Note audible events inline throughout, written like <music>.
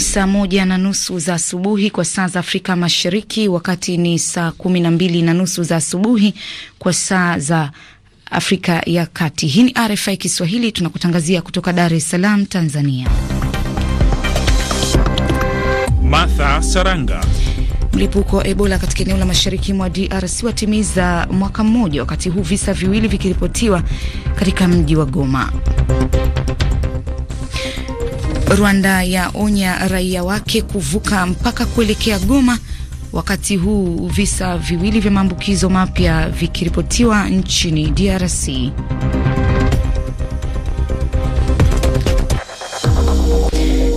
saa moja na nusu za asubuhi kwa saa za Afrika Mashariki, wakati ni saa kumi na mbili na nusu za asubuhi kwa saa za Afrika ya Kati. Hii ni RFI Kiswahili, tunakutangazia kutoka Dar es Salaam, Tanzania. Martha Saranga. Mlipuko wa Ebola katika eneo la mashariki mwa DRC watimiza mwaka mmoja, wakati huu visa viwili vikiripotiwa katika mji wa Goma. Rwanda yaonya raia wake kuvuka mpaka kuelekea Goma, wakati huu visa viwili vya maambukizo mapya vikiripotiwa nchini DRC.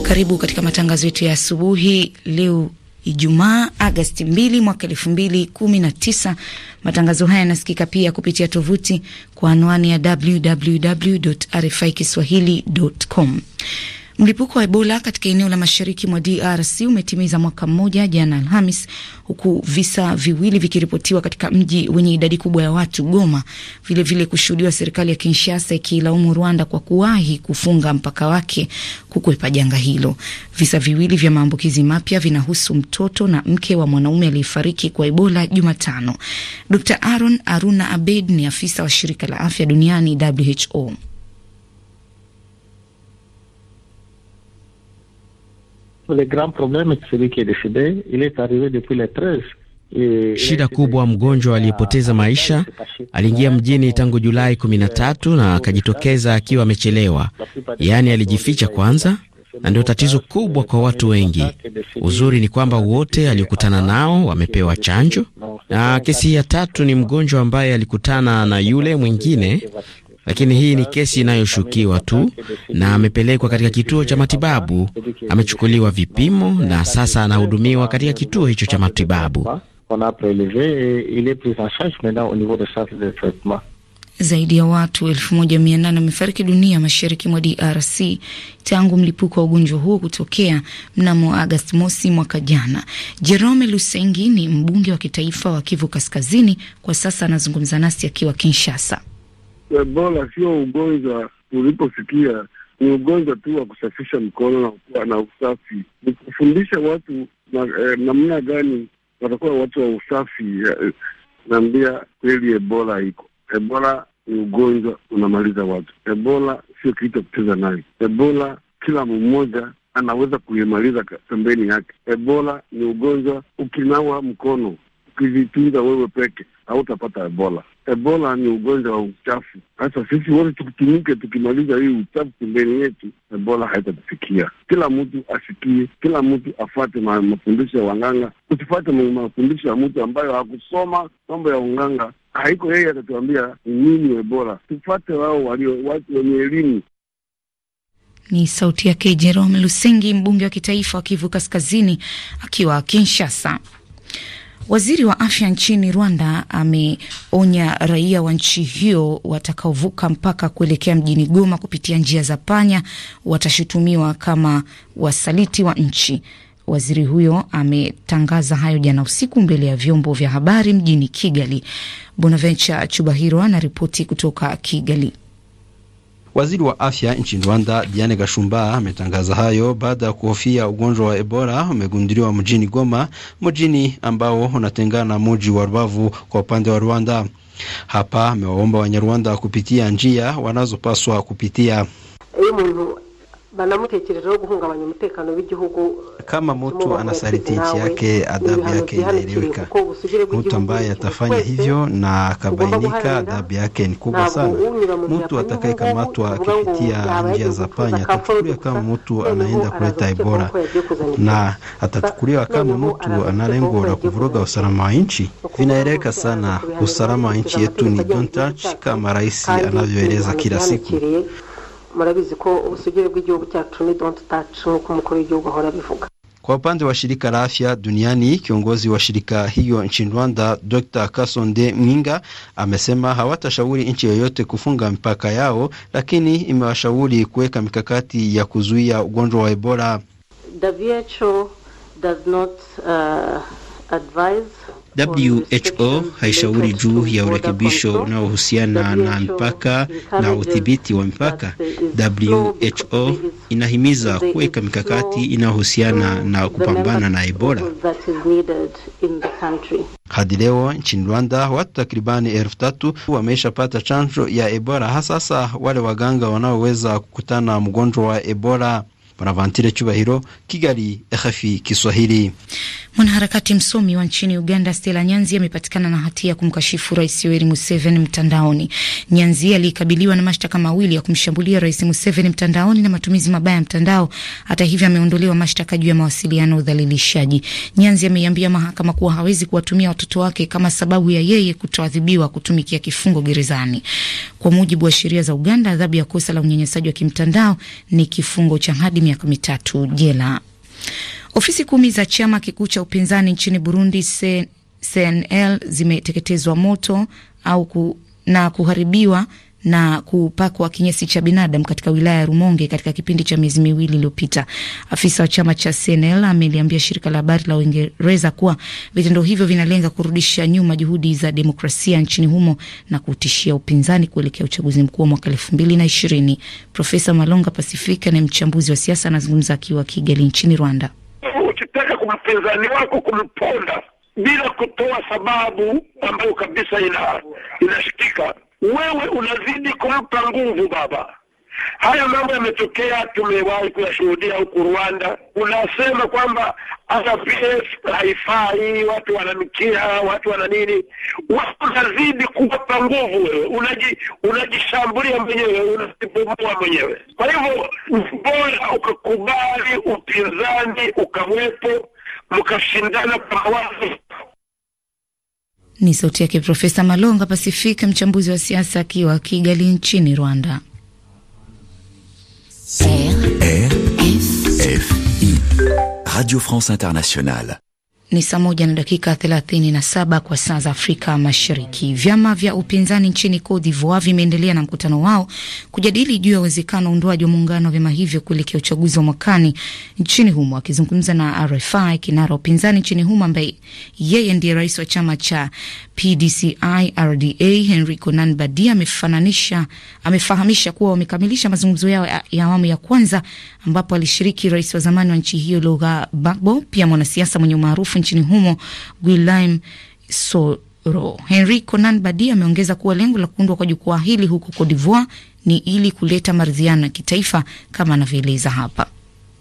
Karibu katika matangazo yetu ya asubuhi leo Ijumaa Agasti 2 mwaka 2019. Matangazo haya yanasikika pia kupitia tovuti kwa anwani ya www RFI kiswahili.com. Mlipuko wa Ebola katika eneo la mashariki mwa DRC umetimiza mwaka mmoja jana Alhamis, huku visa viwili vikiripotiwa katika mji wenye idadi kubwa ya watu Goma. Vilevile kushuhudiwa serikali ya Kinshasa ikilaumu Rwanda kwa kuwahi kufunga mpaka wake kukwepa janga hilo. Visa viwili vya maambukizi mapya vinahusu mtoto na mke wa mwanaume aliyefariki kwa Ebola Jumatano. Dr Aaron Aruna Abed ni afisa wa shirika la afya duniani WHO. Le grand problème celui qui est décédé, il est arrivé depuis le 13. Shida e- e kubwa, mgonjwa aliyepoteza maisha aliingia mjini tangu Julai 13 na akajitokeza akiwa amechelewa, yaani alijificha kwanza, na ndio tatizo kubwa kwa watu wengi. Uzuri ni kwamba wote aliokutana nao wamepewa chanjo, na kesi ya tatu ni mgonjwa ambaye alikutana na yule mwingine lakini hii ni kesi inayoshukiwa tu, na amepelekwa katika kituo cha matibabu, amechukuliwa vipimo na sasa anahudumiwa katika kituo hicho cha matibabu. Zaidi ya watu 1800 wamefariki dunia mashariki mwa DRC tangu mlipuko wa ugonjwa huo kutokea mnamo Agosti mosi mwaka jana. Jerome Lusengi ni mbunge wa kitaifa wa Kivu Kaskazini, kwa sasa anazungumza nasi akiwa Kinshasa. Eh, Ebola sio ugonjwa uliposikia, ni ugonjwa tu wa kusafisha mkono na kuwa na usafi, ni kufundisha watu eh, namna eh, gani watakuwa watu wa usafi. Eh, naambia kweli, Ebola iko, Ebola ni ugonjwa unamaliza watu. Ebola sio kitu ya kucheza nayo. Ebola kila mmoja anaweza kuimaliza pembeni yake. Ebola ni ugonjwa, ukinawa mkono, ukijitunza wewe peke hautapata Ebola. Ebola ni ugonjwa wa uchafu. Sasa sisi wote tukutumike, tukimaliza hii uchafu pembeni yetu, Ebola haitatufikia. Kila mtu asikie, kila mtu afate ma, mafundisho ya wanganga. Usifate mafundisho ya mtu ambayo hakusoma mambo ya unganga, haiko yeye atatuambia nini Ebola. Tufate wao walio watu wenye elimu. Ni sauti yake Jerome Lusengi, mbunge wa kitaifa wa Kivu Kaskazini, akiwa Kinshasa. Waziri wa afya nchini Rwanda ameonya raia wa nchi hiyo watakaovuka mpaka kuelekea mjini Goma kupitia njia za panya watashutumiwa kama wasaliti wa nchi. Waziri huyo ametangaza hayo jana usiku mbele ya vyombo vya habari mjini Kigali. Bonaventure Chubahiro anaripoti kutoka Kigali. Waziri wa afya nchini Rwanda Diane Gashumba ametangaza hayo baada ya kuhofia ugonjwa wa Ebola umegundiriwa mjini Goma, mjini ambao unatengana na muji wa Rubavu kwa upande wa Rwanda. Hapa amewaomba Wanyarwanda kupitia njia wanazopaswa kupitia. muntu banamutekerejeho guhungabanya umutekano w'igihugu. Kama mtu anasaliti nchi yake, adhabu yake inaeleweka. Mtu ambaye atafanya hivyo na akabainika, adhabu yake ni kubwa sana. Mtu atakayekamatwa akipitia njia za panya atachukuliwa kama mtu anaenda kuleta Ebola na atachukuliwa kama mtu ana lengo la kuvuruga usalama wa nchi. Vinaeleweka sana, usalama wa nchi yetu ni don't touch, kama rais anavyoeleza kila siku murabizi ko ubusugire bw'igihugu cyacu ni don't touch nk'uko umukuru w'igihugu ahora abivuga kwa upande wa shirika la afya duniani, kiongozi wa shirika hiyo nchini Rwanda Dr. Kasonde Mwinga amesema hawatashauri nchi yoyote kufunga mipaka yao, lakini imewashauri kuweka mikakati ya kuzuia ugonjwa wa Ebola. The WHO does not, uh, advise WHO haishauri juu ya urekebisho unaohusiana na mipaka na udhibiti wa mipaka. WHO inahimiza kuweka mikakati inayohusiana na kupambana na Ebola. Hadi leo nchini Rwanda watu takribani elfu tatu wameshapata chanjo ya Ebola, hasasa wale waganga wanaoweza kukutana mgonjwa wa Ebola. Bonaventure Cyubahiro, Kigali, RFI Kiswahili. Mwanaharakati msomi wa nchini Uganda Stella Nyanzi amepatikana na hatia ya kumkashifu Rais Yoweri Museveni mtandaoni. Nyanzi aliyekabiliwa na mashtaka mawili ya kumshambulia Rais Museveni mtandaoni na matumizi mabaya ya mtandao. Hata hivyo, ameondolewa mashtaka juu ya mawasiliano, udhalilishaji. Nyanzi ameiambia mahakama kuwa hawezi kuwatumia watoto wake kama sababu ya yeye kutoadhibiwa kutumikia kifungo gerezani. Kwa mujibu wa sheria za Uganda, adhabu ya kosa la unyanyasaji wa kimtandao ni kifungo cha hadi miaka mitatu jela. Ofisi kumi za chama kikuu cha upinzani nchini Burundi CNL zimeteketezwa moto au ku, na kuharibiwa na kupakwa kinyesi cha binadamu katika wilaya ya Rumonge katika kipindi cha miezi miwili iliyopita. Afisa wa chama cha CNL ameliambia shirika la habari la Uingereza kuwa vitendo hivyo vinalenga kurudisha nyuma juhudi za demokrasia nchini humo na kutishia upinzani kuelekea uchaguzi mkuu wa mwaka elfu mbili na ishirini. Profesa Malonga Pasifika ni mchambuzi wa siasa, anazungumza akiwa Kigali nchini Rwanda wapinzani wako kumponda bila kutoa sababu ambayo kabisa ina inashikika, wewe unazidi kumpa nguvu baba. Haya mambo yametokea, tumewahi kuyashuhudia huku Rwanda. Unasema kwamba RPF haifai, watu wananukia, watu wana nini, unazidi kuwapa nguvu wewe, unaji unajishambulia mwenyewe, unajibomoa mwenyewe. Kwa hivyo, bora ukakubali upinzani ukawepo mkashindana kwa mawazo. Ni sauti yake Profesa Malonga Pasifika, mchambuzi wa siasa akiwa Kigali nchini Rwanda. RFI Radio France Internationale. Ni saa moja na dakika 37 kwa saa za Afrika Mashariki. Vyama vya upinzani nchini Cote d'Ivoire vimeendelea na mkutano wao kujadili juu ya uwezekano wa undoaji wa muungano wa vyama hivyo kuelekea uchaguzi wa mwakani nchini humo. Akizungumza na RFI, kinara upinzani nchini humo ambaye yeye ndiye rais wa chama cha PDCI RDA Henri Konan Badi amefahamisha kuwa wamekamilisha mazungumzo yao ya awamu ya kwanza ambapo alishiriki rais wa zamani wa nchi hiyo lugha bagbo pia mwanasiasa mwenye umaarufu nchini humo Guillaume Soro. Henri Konan Badi ameongeza kuwa lengo la kuundwa kwa jukwaa hili huko Cote d'Ivoire ni ili kuleta maridhiano ya kitaifa kama anavyoeleza hapa.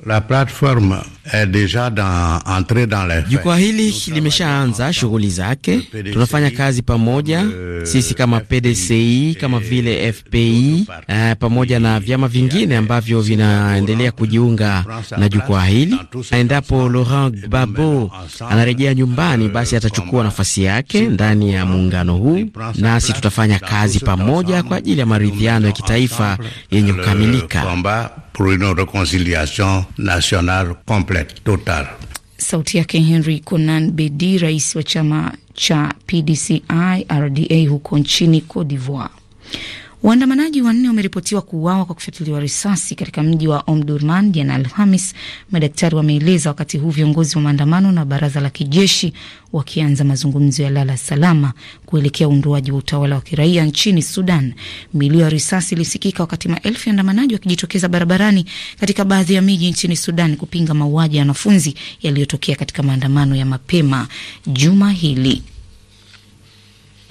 La platform est deja dans, entrée dans les jukwaa hili limeshaanza shughuli zake. Tunafanya kazi pamoja sisi kama PDCI kama vile FPI uh, eh, pamoja na vyama vingine ambavyo vinaendelea kujiunga na jukwaa hili. Endapo Laurent Gbagbo anarejea nyumbani, basi atachukua nafasi yake ndani ya muungano huu, nasi tutafanya kazi pamoja kwa ajili ya maridhiano ya kitaifa yenye kukamilika pour une réconciliation nationale complète, totale. Sauti yake Henry Konan Bedi, rais wa chama cha PDCI RDA huko nchini Cote d'Ivoire. Waandamanaji wanne wameripotiwa kuuawa kwa kufyatuliwa risasi katika mji wa Omdurman jana Alhamis, madaktari wameeleza, wakati huu viongozi wa maandamano na baraza la kijeshi wakianza mazungumzo ya lala salama kuelekea uundwaji wa utawala wa kiraia nchini Sudan. Milio ya risasi ilisikika wakati maelfu ya waandamanaji wakijitokeza barabarani katika baadhi ya miji nchini Sudan kupinga mauaji ya wanafunzi yaliyotokea katika maandamano ya mapema juma hili.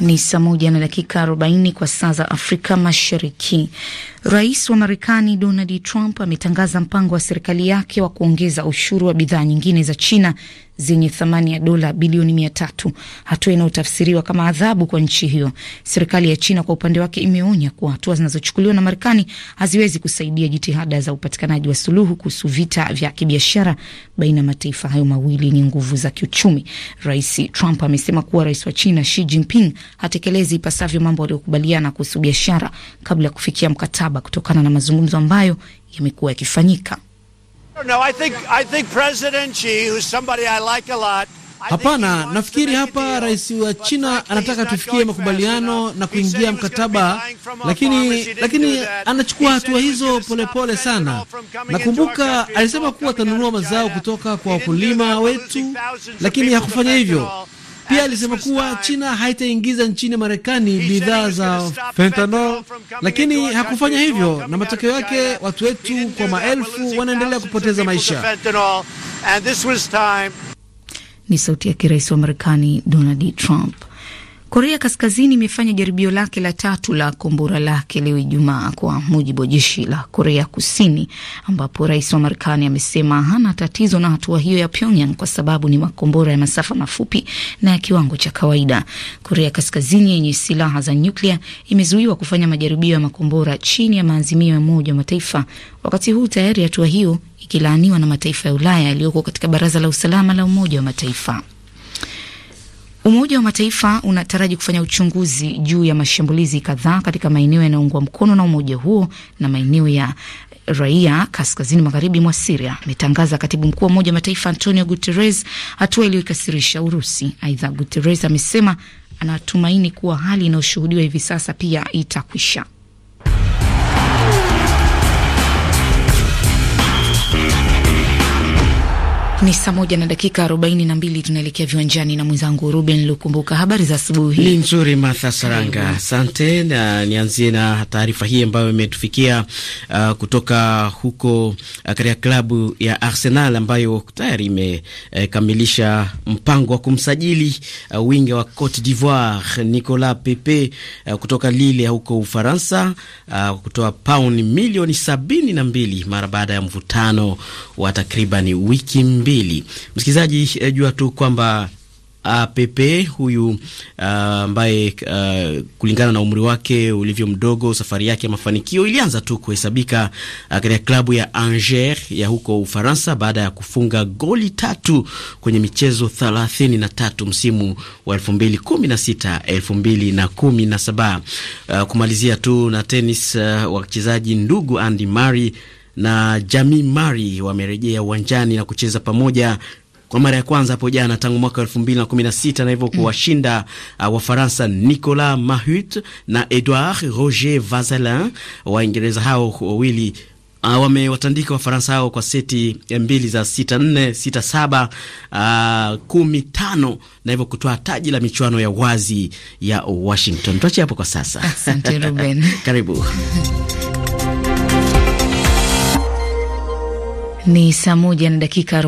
Ni saa moja na dakika 40 kwa saa za Afrika Mashariki. Rais wa Marekani Donald Trump ametangaza mpango wa serikali yake wa kuongeza ushuru wa bidhaa nyingine za China zenye thamani ya dola bilioni mia tatu, hatua inayotafsiriwa kama adhabu kwa nchi hiyo. Serikali ya China kwa upande wake imeonya kuwa hatua zinazochukuliwa na Marekani haziwezi kusaidia jitihada za upatikanaji wa suluhu kuhusu vita vya kibiashara baina ya mataifa hayo mawili yenye nguvu za kiuchumi. Rais Trump amesema kuwa rais wa China Xi Jinping hatekelezi ipasavyo mambo aliyokubaliana kuhusu biashara kabla ya kufikia mkataba kutokana na mazungumzo ambayo yamekuwa yakifanyika. Hapana, nafikiri hapa rais wa China anataka tufikie makubaliano na kuingia mkataba, lakini lakini anachukua hatua hizo polepole pole sana. Nakumbuka alisema kuwa atanunua mazao kutoka kwa wakulima wetu, lakini hakufanya hivyo. Pia alisema kuwa China haitaingiza nchini Marekani bidhaa za fentanyl, lakini hakufanya hivyo, na matokeo yake watu wetu kwa maelfu wanaendelea kupoteza maisha. Ni sauti yake Rais wa Marekani Donald Trump. Korea Kaskazini imefanya jaribio lake la tatu la kombora lake leo Ijumaa, kwa mujibu wa jeshi la Korea Kusini, ambapo rais wa Marekani amesema hana tatizo na hatua hiyo ya Pyongyang kwa sababu ni makombora ya masafa mafupi na ya kiwango cha kawaida. Korea Kaskazini yenye silaha za nyuklia imezuiwa kufanya majaribio ya makombora chini ya maazimio ya Umoja wa Mataifa, wakati huu tayari hatua hiyo ikilaaniwa na mataifa ya Ulaya yaliyoko katika Baraza la Usalama la Umoja wa Mataifa. Umoja wa Mataifa unataraji kufanya uchunguzi juu ya mashambulizi kadhaa katika maeneo yanayoungwa mkono na umoja huo na maeneo ya raia kaskazini magharibi mwa Siria, ametangaza katibu mkuu wa Umoja wa Mataifa Antonio Guterres, hatua iliyoikasirisha Urusi. Aidha, Guterres amesema anatumaini kuwa hali inayoshuhudiwa hivi sasa pia itakwisha. Ni saa moja na dakika arobaini na mbili tunaelekea viwanjani na mwenzangu Ruben Lukumbuka. Habari za asubuhi. Ni nzuri, Martha Saranga, asante. Na nianzie na taarifa hii ambayo imetufikia uh, kutoka huko uh, katika klabu ya Arsenal ambayo tayari imekamilisha uh, mpango wa kumsajili uh, winga wa Cote d'Ivoire Nicolas Pepe uh, kutoka Lille huko Ufaransa uh, kutoa pauni milioni sabini na mbili mara baada ya mvutano wa takribani wiki mbili mbili. Msikilizaji, eh, jua tu kwamba ah, Pepe huyu ah, ambaye uh, uh, kulingana na umri wake ulivyo mdogo, safari yake ya mafanikio ilianza tu kuhesabika uh, katika klabu ya Angers ya huko Ufaransa baada ya kufunga goli tatu kwenye michezo 33 msimu wa 2016 2017. Uh, kumalizia tu na tenis, uh, wachezaji ndugu Andy Murray na Jamii Mari wamerejea uwanjani na kucheza pamoja kwa mara ya kwanza hapo jana tangu mwaka elfu mbili na kumi na sita na hivyo kuwashinda uh, Wafaransa Nicolas Mahut na Edouard Roger Vazelin. Waingereza hao wawili uh, wamewatandika Wafaransa hao kwa seti mbili za sita nne sita saba uh, kumi tano na hivyo kutoa taji la michuano ya wazi ya Washington. Tuache hapo kwa sasa. Asante Ruben. <laughs> Karibu <laughs> Ni saa moja na dakika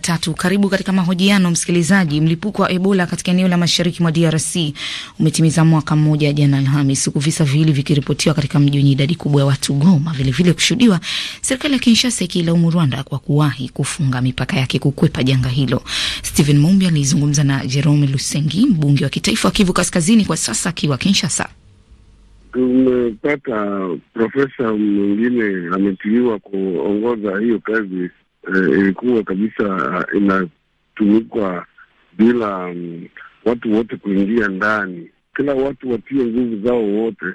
tatu. Karibu katika mahojiano msikilizaji. Mlipuko wa Ebola katika eneo la mashariki mwa DRC umetimiza mwaka mmoja jana Alhamis, huku visa viwili vikiripotiwa katika mji wenye idadi kubwa ya watu Goma, vilevile kushuhudiwa, serikali ya Kinshasa ikilaumu Rwanda kwa kuwahi kufunga mipaka yake kukwepa janga hilo. Stephen Mumbi alizungumza na Jerome Lusengi, mbunge wa kitaifa wa Kivu Kaskazini, kwa sasa akiwa Kinshasa tumepata profesa mwingine ametiliwa kuongoza hiyo kazi eh, ilikuwa kabisa eh, inatumikwa bila um, watu wote kuingia ndani, kila watu watie nguvu zao wote,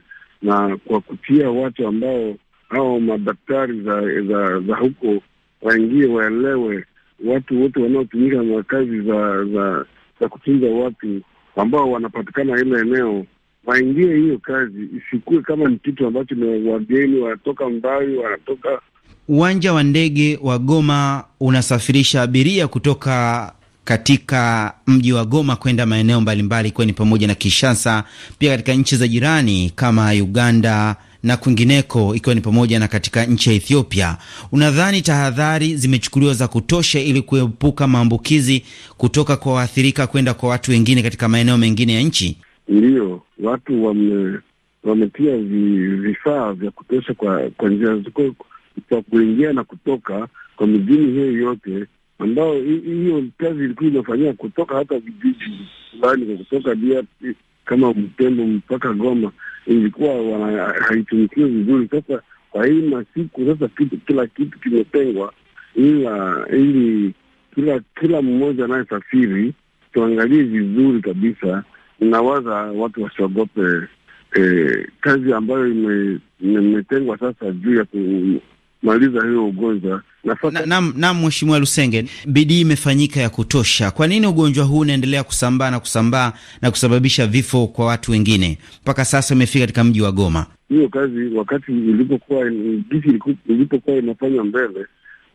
na kwa kutia watu ambao hao madaktari za, za, za huko waingie waelewe, watu wote wanaotumika na kazi za za, za kutunza watu ambao wanapatikana ile eneo waingie hiyo kazi, isikue kama ni kitu ambacho ni wageni wanatoka mbali, wanatoka. Uwanja wa ndege wa Goma unasafirisha abiria kutoka katika mji wa Goma kwenda maeneo mbalimbali, ikiwa ni pamoja na Kinshasa, pia katika nchi za jirani kama Uganda na kwingineko, ikiwa ni pamoja na katika nchi ya Ethiopia. Unadhani tahadhari zimechukuliwa za kutosha ili kuepuka maambukizi kutoka kwa waathirika kwenda kwa watu wengine katika maeneo mengine ya nchi? Ndiyo, watu wame, wametia vifaa vya kutosha kwa, kwa njia ziko kwa kuingia na kutoka kwa mijini hiyo yote, ambao hiyo kazi ilikuwa inafanyia kutoka hata vijiji fulani kwa kutoka DRC kama Mtembo mpaka Goma ilikuwa haitumikiwe vizuri. Sasa kwa hii masiku sasa kitu, kila kitu kimetengwa, ila ili kila kila mmoja anayesafiri tuangalie vizuri kabisa inawaza watu wasiogope eh, kazi ambayo imetengwa sasa juu ya kumaliza hiyo ugonjwa. Naam, na, na Mheshimiwa Lusenge, bidii imefanyika ya kutosha. Kwa nini ugonjwa huu unaendelea kusambaa na kusambaa na kusababisha vifo kwa watu wengine mpaka sasa imefika katika mji wa Goma? Hiyo kazi wakati ilipokuwa ilipokuwa inafanywa mbele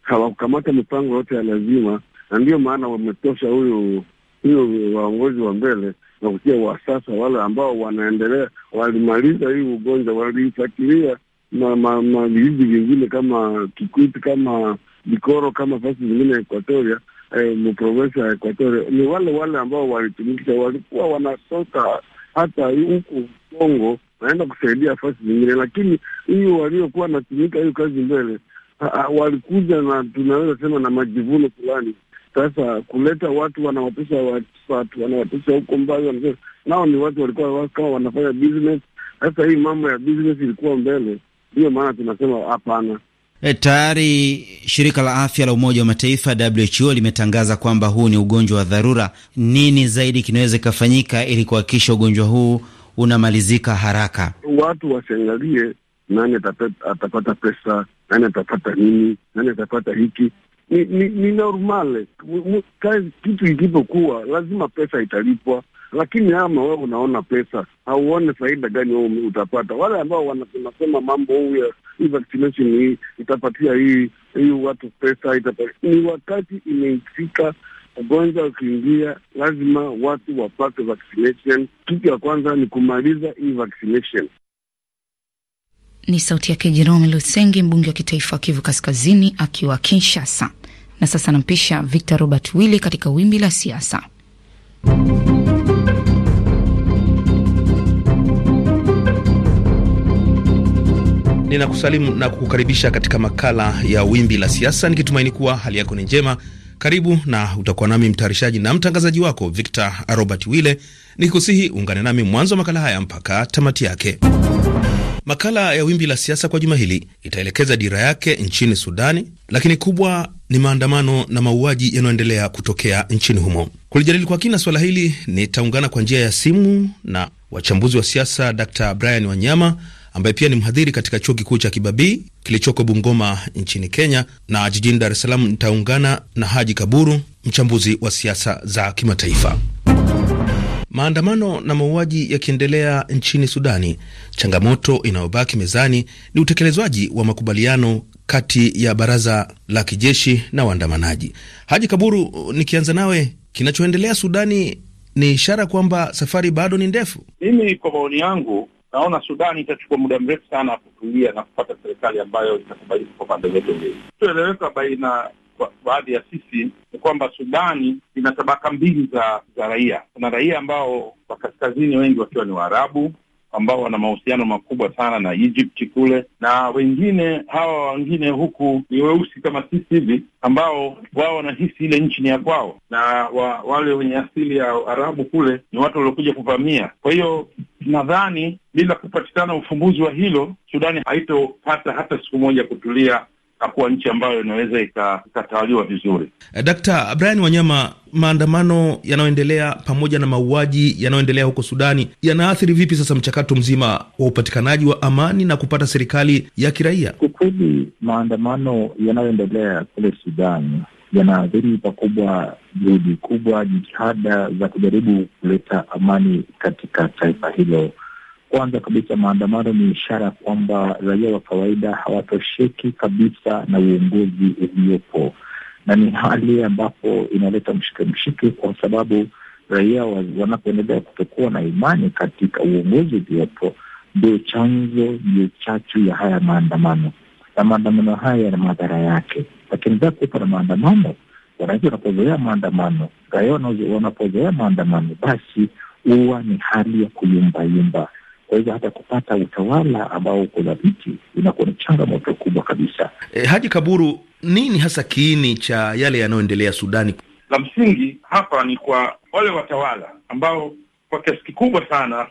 hawakukamata mipango yote ya lazima, na ndiyo maana wametosha huyu hiyo waongozi wa mbele na kusia wa sasa, wale ambao wanaendelea walimaliza hii ugonjwa, waliifuatilia na vijiji vingine kama Kikwiti, kama Bikoro, kama fasi zingine Ekuatoria, eh, mprovensa ya Ekuatoria ni wale wale ambao walitumikisha, walikuwa wanasoka hata huku Kongo naenda kusaidia fasi zingine, lakini hiyo waliokuwa wanatumika hiyo kazi mbele walikuja na tunaweza sema na majivuno fulani sasa kuleta watu wanawatisha watu wanawatisha huko mbali, wanasema nao ni watu walikuwa kama wanafanya business. Sasa hii mambo ya business ilikuwa mbele, ndiyo maana tunasema hapana. E, tayari shirika la afya la Umoja wa Mataifa WHO limetangaza kwamba huu ni ugonjwa wa dharura. Nini zaidi kinaweza kikafanyika ili kuhakikisha ugonjwa huu unamalizika haraka? Watu wasiangalie nani atapata pesa, nani atapata nini, nani atapata hiki ni, ni, ni normal. kitu ikipokuwa lazima pesa italipwa, lakini ama wewe unaona pesa, hauone faida gani wewe utapata. Wale ambao wanasema mambo huu ya hii vaccination hii itapatia hii hii watu pesa itapatia, ni wakati imefika ugonjwa ukiingia, lazima watu wapate vaccination. Kitu ya kwanza ni kumaliza hii vaccination. Ni sauti yake Jerome Lusenge, mbunge wa kitaifa wa Kivu Kaskazini, akiwa Kinshasa. Na sasa nampisha Victor Robert Wille katika wimbi la siasa. Ninakusalimu na kukukaribisha katika makala ya wimbi la siasa, nikitumaini kuwa hali yako ni njema. Karibu na utakuwa nami mtayarishaji na mtangazaji wako Victor Robert Wille, nikikusihi uungane nami mwanzo wa makala haya mpaka tamati yake. Makala ya Wimbi la Siasa kwa juma hili itaelekeza dira yake nchini Sudani, lakini kubwa ni maandamano na mauaji yanayoendelea kutokea nchini humo. Kulijadili kwa kina swala hili, nitaungana kwa njia ya simu na wachambuzi wa siasa Dr Brian Wanyama ambaye pia ni mhadhiri katika chuo kikuu cha Kibabii kilichoko Bungoma nchini Kenya, na jijini Dar es Salaam nitaungana na Haji Kaburu, mchambuzi wa siasa za kimataifa. Maandamano na mauaji yakiendelea nchini Sudani, changamoto inayobaki mezani ni utekelezwaji wa makubaliano kati ya baraza la kijeshi na waandamanaji. Haji Kaburu, nikianza nawe, kinachoendelea Sudani ni ishara kwamba safari bado ni ndefu. Mimi kwa maoni yangu naona Sudani itachukua muda mrefu sana kutulia na kupata serikali ambayo itakubalika kwa pande zote mbili. Tueleweka baina baadhi ya sisi ni kwamba Sudani ina tabaka mbili za za raia. Kuna raia ambao wa kaskazini, wengi wakiwa ni Waarabu ambao wana mahusiano makubwa sana na Egypt kule, na wengine hawa wengine huku ni weusi kama sisi hivi, ambao wao wanahisi ile nchi ni ya kwao, na wa, wale wenye asili ya Arabu kule ni watu waliokuja kuvamia. Kwa hiyo nadhani bila kupatikana ufumbuzi wa hilo, Sudani haitopata hata siku moja kutulia itakuwa nchi ambayo inaweza ikatawaliwa vizuri. Eh, Dkt. Brian Wanyama, maandamano yanayoendelea pamoja na mauaji yanayoendelea huko Sudani yanaathiri vipi sasa mchakato mzima wa upatikanaji wa amani na kupata serikali ya kiraia? kukweli maandamano yanayoendelea kule Sudani yanaathiri pakubwa juhudi kubwa, jitihada za kujaribu kuleta amani katika taifa hilo kwanza kabisa, maandamano ni ishara ya kwamba raia wa kawaida hawatosheki kabisa na uongozi uliopo, na ni hali ambapo inaleta mshike mshike, kwa sababu raia wanapoendelea kutokuwa na imani katika uongozi uliopo, ndio chanzo, ndio chachu ya haya maandamano, na maandamano haya yana madhara yake. Lakini pia kuwepo na maandamano, wananchi wanapozoea maandamano, raia wanapozoea maandamano, basi huwa ni hali ya kuyumbayumba kuweza hata kupata utawala ambao uko dhabiti inakuwa ni changamoto kubwa kabisa. E, Haji Kaburu, nini hasa kiini cha yale yanayoendelea Sudani? La msingi hapa ni kwa wale watawala ambao kwa kiasi kikubwa sana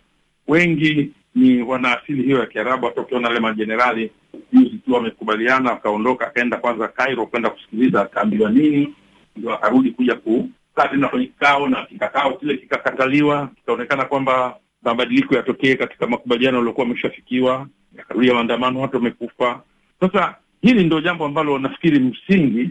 wengi ni wana asili hiyo ya Kiarabu. Hata ukiona wale majenerali juzi tu wamekubaliana, akaondoka akaenda kwanza Cairo kwenda kusikiliza akaambiwa nini, ndio akarudi kuja kukaa tena kwenye kikao, na kikakao kile kikakataliwa, kikaonekana kwamba mabadiliko yatokee katika makubaliano yaliokuwa ameshafikiwa, yakarudia maandamano, watu wamekufa. Sasa hili ndio jambo ambalo nafikiri msingi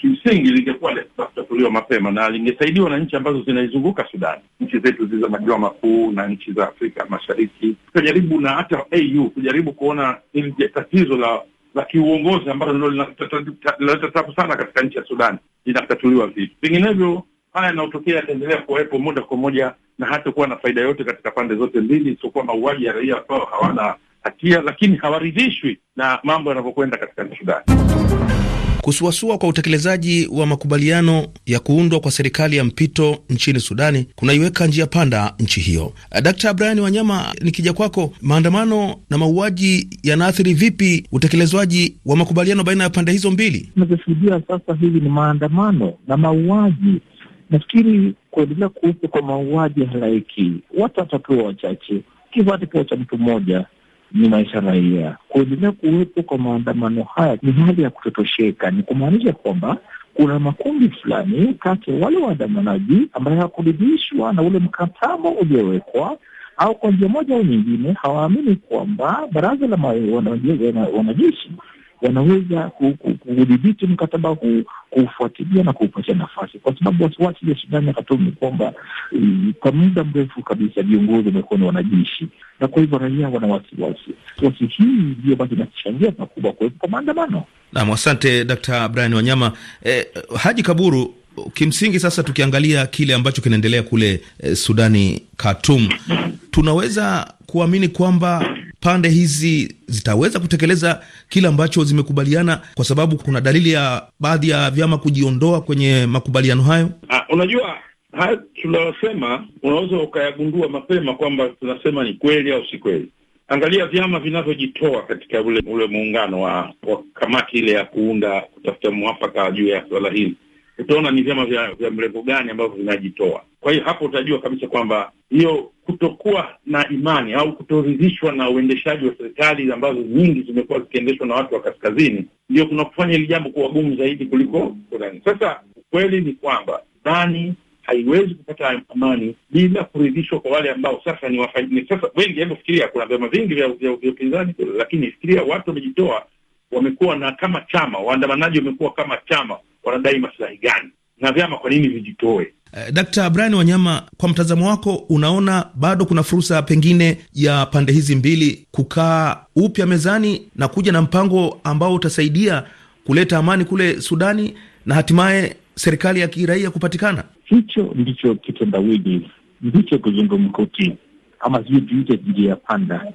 kimsingi lingekuwa litatuliwa mapema na lingesaidiwa na nchi ambazo zinaizunguka Sudani, nchi zetu zilizo majiwa makuu na nchi za Afrika Mashariki, kujaribu na hata AU kujaribu kuona ili tatizo la la kiuongozi ambalo ndio linaleta tabu sana katika nchi ya Sudani linatatuliwa vipi. Vinginevyo haya yanayotokea yataendelea kuwepo moja kwa moja na hata kuwa na faida yote katika pande zote mbili, isiokuwa mauaji ya raia ambao hawana hatia, lakini hawaridhishwi na mambo yanavyokwenda katika nchi gani. Kusuasua kwa utekelezaji wa makubaliano ya kuundwa kwa serikali ya mpito nchini Sudani kunaiweka njia panda nchi hiyo. Dkt. Brian Wanyama, nikija kwako, maandamano na mauaji yanaathiri vipi utekelezwaji wa makubaliano baina ya pande hizo mbili? Tunavyoshuhudia sasa hivi ni maandamano na mauaji Nafikiri kuendelea kuwepo kwa mauaji halaiki, watu watatuwa wachache, kifaa kifo cha mtu mmoja ni maisha raia. Kuendelea kuwepo kwa maandamano haya ni hali ya kutotosheka, ni kumaanisha kwamba kuna makundi fulani kati ya wale waandamanaji ambayo hawakuridhishwa na ule mkataba uliowekwa, au kwa njia moja au nyingine hawaamini kwamba baraza la wanajeshi wanaweza kudhibiti mkataba huu, kuufuatilia na kuupatia nafasi, kwa sababu wasiwasi ya Sudani ya Khartoum ni kwamba eh, kwa muda mrefu kabisa viongozi wamekuwa ni wanajeshi, na kwa hivyo raia wana wasiwasi. Wasi hii ndiyo basi inachangia pakubwa kuwepo kwa maandamano. Nam, asante Dkt. Brian Wanyama. Eh, Haji Kaburu, kimsingi sasa tukiangalia kile ambacho kinaendelea kule eh, Sudani Khartoum, tunaweza kuamini kwamba pande hizi zitaweza kutekeleza kile ambacho zimekubaliana, kwa sababu kuna dalili ya baadhi ya vyama kujiondoa kwenye makubaliano hayo? Ah, ha, unajua haya tunayosema unaweza ukayagundua mapema kwamba tunasema ni kweli au si kweli. Angalia vyama vinavyojitoa katika ule ule muungano wa, wa kamati ile ya kuunda kutafuta mwafaka juu ya swala hili, utaona ni vyama vya, vya mrengo gani ambavyo vinajitoa. Kwa hiyo hapo utajua kabisa kwamba hiyo kutokuwa na imani au kutoridhishwa na uendeshaji wa serikali ambazo nyingi zimekuwa zikiendeshwa na watu wa kaskazini, ndio kuna kufanya hili jambo kuwa gumu zaidi kuliko Kurani. Sasa ukweli ni kwamba dhani haiwezi kupata amani bila kuridhishwa kwa wale ambao sasa ni wafaidika. Sasa wengi, hebu fikiria, kuna vyama vingi vya upinzani, lakini fikiria watu wamejitoa, wamekuwa na kama chama, waandamanaji wamekuwa kama chama, wanadai masilahi gani? Na vyama kwa nini vijitoe? Eh, Dkt. Brian Wanyama, kwa mtazamo wako, unaona bado kuna fursa pengine ya pande hizi mbili kukaa upya mezani na kuja na mpango ambao utasaidia kuleta amani kule Sudani na hatimaye serikali ya kiraia kupatikana? Hicho ndicho kitendawili, ndicho kizungumkuti, ama sijui tuite njia ya panda,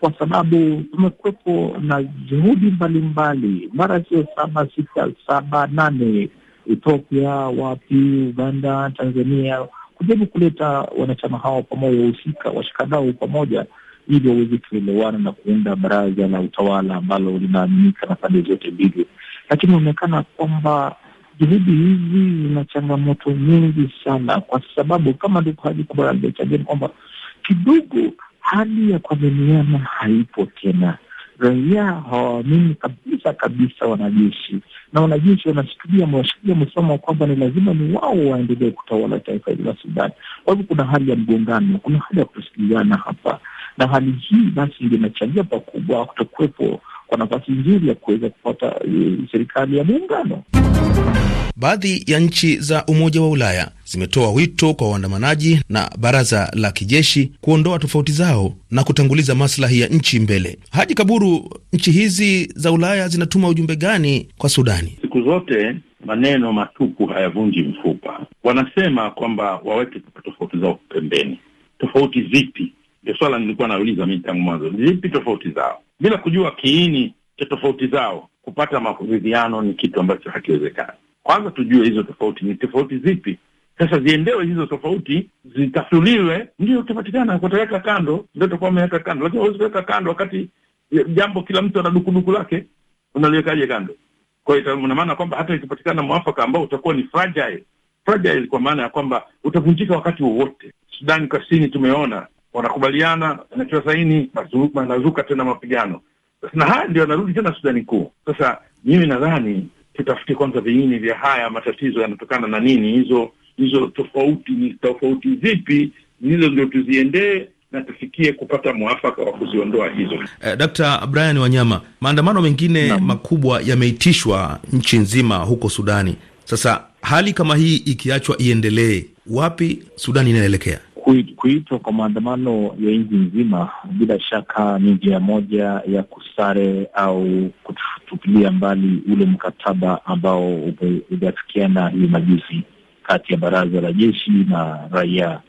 kwa sababu tumekuwepo na juhudi mbalimbali, mara sio saba, sita, saba, nane Ethiopia, wapi, Uganda, Tanzania, kujaribu kuleta wanachama hao pamoja, wahusika washikadau pamoja, ili waweze kuelewana na kuunda baraza la utawala ambalo linaaminika na pande zote mbili. Lakini inaonekana kwamba juhudi hizi zina changamoto nyingi sana, kwa sababu kama ndugu Haji Kabara alivyochangia kwamba kidogo hali ya kuaminiana haipo tena. Raia hawaamini kabisa kabisa wanajeshi na wanajeshi wanashikilia wanashikilia msimamo kwamba ni lazima ni wao waendelee kutawala taifa hili la Sudan. Kwa hivyo kuna hali ya mgongano, kuna hali ya kutosikilizana hapa, na hali hii basi ndio inachangia pakubwa kutokuwepo kwa nafasi nzuri ya kuweza kupata eh, serikali ya muungano. Baadhi ya nchi za Umoja wa Ulaya zimetoa wito kwa waandamanaji na baraza la kijeshi kuondoa tofauti zao na kutanguliza maslahi ya nchi mbele. Haji Kaburu, nchi hizi za Ulaya zinatuma ujumbe gani kwa Sudani? Siku zote maneno matupu hayavunji mfupa. Wanasema kwamba waweke tofauti zao pembeni. Tofauti zipi? Ndio swala nilikuwa nauliza mii tangu mwanzo, zipi tofauti zao, bila kujua kiini cha tofauti zao. Kupata maridhiano ni kitu ambacho hakiwezekani kwanza tujue hizo tofauti ni tofauti zipi. Sasa ziendewe hizo tofauti, zitatuliwe, ndio utapatikana. kutaweka kando, ndio utakuwa umeweka kando, lakini huwezi kuweka kando wakati jambo kila mtu ana dukuduku lake, unaliwekaje kando? Kwa hiyo ina maana kwamba hata ikipatikana mwafaka ambao utakuwa ni fragile, fragile kwa maana ya kwamba utavunjika wakati wowote. Sudani kasini tumeona wanakubaliana, anatiwa saini, nazuka tena mapigano, na haya ndio anarudi tena Sudani Kuu. Sasa mimi nadhani tutafute kwanza viini vya haya matatizo yanatokana na nini, hizo hizo tofauti ni tofauti zipi, hizo ndio tuziendee na tufikie kupata mwafaka wa kuziondoa hizo. Eh, Dkt. Brian Wanyama, maandamano mengine na makubwa yameitishwa nchi nzima huko Sudani. Sasa hali kama hii ikiachwa iendelee, wapi Sudani inaelekea? kuitwa kwa maandamano ya nchi nzima bila shaka ni njia moja ya kusare au kutupilia mbali ule mkataba ambao uliafikiana hii majuzi kati ya baraza la jeshi na raia.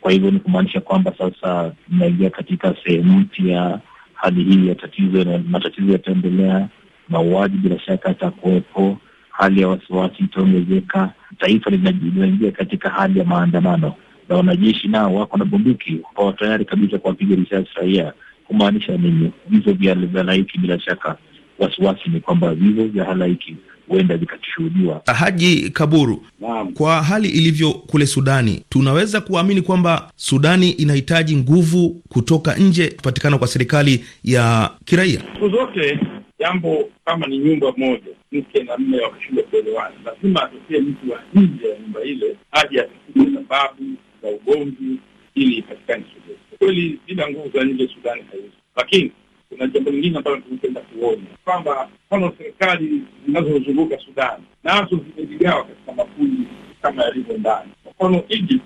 Kwa hivyo ni kumaanisha kwamba sasa tunaingia katika sehemu mpya, hali hii ya tatizo na matatizo yataendelea, mauaji bila shaka yatakuwepo, hali ya wasiwasi itaongezeka, taifa linaingia katika hali ya maandamano na wanajeshi nao wako na bunduki, wakawa tayari kabisa kuwapiga risasi raia. Kumaanisha nini? Vifo vya halaiki, bila shaka wasiwasi ni kwamba vifo vya halaiki huenda vikashuhudiwa. Haji Kaburu, naam. Kwa hali ilivyo kule Sudani, tunaweza kuamini kwamba Sudani inahitaji nguvu kutoka nje kupatikana kwa serikali ya kiraia. Siku zote jambo kama ni nyumba moja, mke na mme wakashindwa kuelewana, lazima atokee mtu wa nje ya nyumba ile aje afikie sababu za ugomvi ili ipatikane suluhu. kweli bila nguvu za nje Sudani haiwezi, lakini kuna jambo lingine ambalo tunapenda kuona kwamba mfano serikali zinazozunguka Sudani nazo zimejigawa katika makundi kama yalivyo ndani. Kwa mfano Egypt,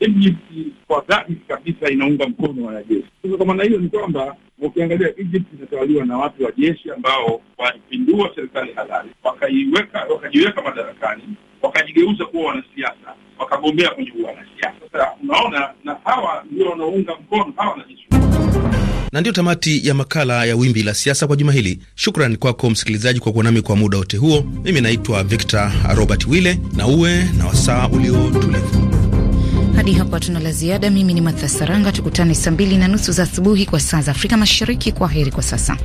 Egypt kwa dhahiri kabisa inaunga mkono wanajeshi. Kwa maana hiyo ni kwamba Ukiangalia Egypt inatawaliwa na watu wa jeshi ambao walipindua serikali halali, wakaiweka wakajiweka madarakani, wakajigeuza kuwa wanasiasa, wakagombea kwenye wanasiasa Sasa unaona, na hawa ndio wanaunga mkono hawa wanajeshi. Na ndiyo tamati ya makala ya Wimbi la Siasa kwa juma hili. Shukrani kwako msikilizaji kwa kuwa nami kwa muda wote huo. Mimi naitwa Victor Robert Wille, na uwe na wasaa uliotulivu. Hadi hapa tuna la ziada. Mimi ni Matha Saranga, tukutane saa mbili na nusu za asubuhi kwa saa za Afrika Mashariki. Kwa heri kwa sasa.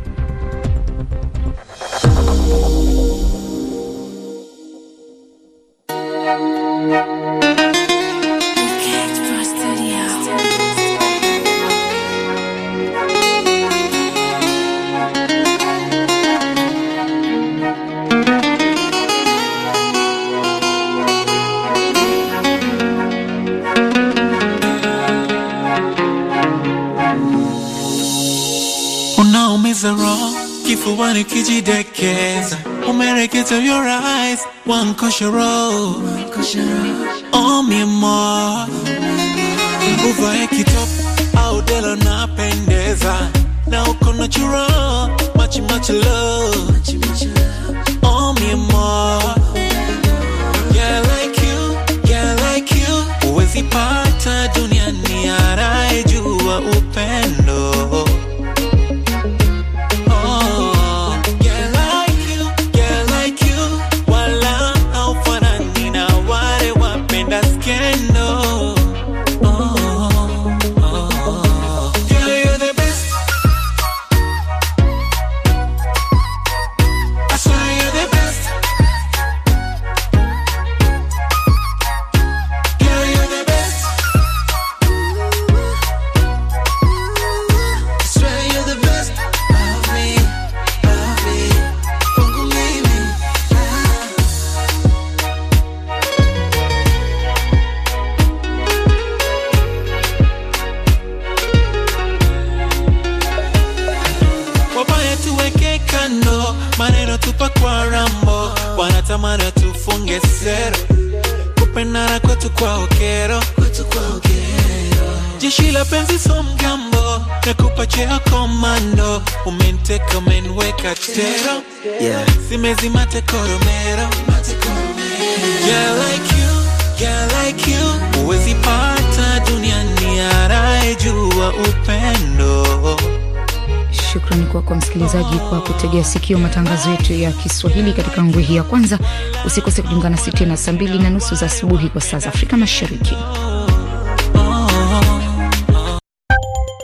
to your eyes, one kosher roll. Oh, me more. Uvae kitop au dela napendeza na uko natural, much much love. Oh, me more. Yeah, like you, yeah, like you. Uwezi paa katero yeah. simezima tekoromero yeah, like you, yeah, like you uwezi pata duniani arayejua upendo Shukrani kwako msikilizaji kwa kutegea sikio matangazo yetu ya Kiswahili katika nguhi ya kwanza. Usikose kujiunga nasi tena saa mbili na nusu za asubuhi kwa saa za Afrika Mashariki.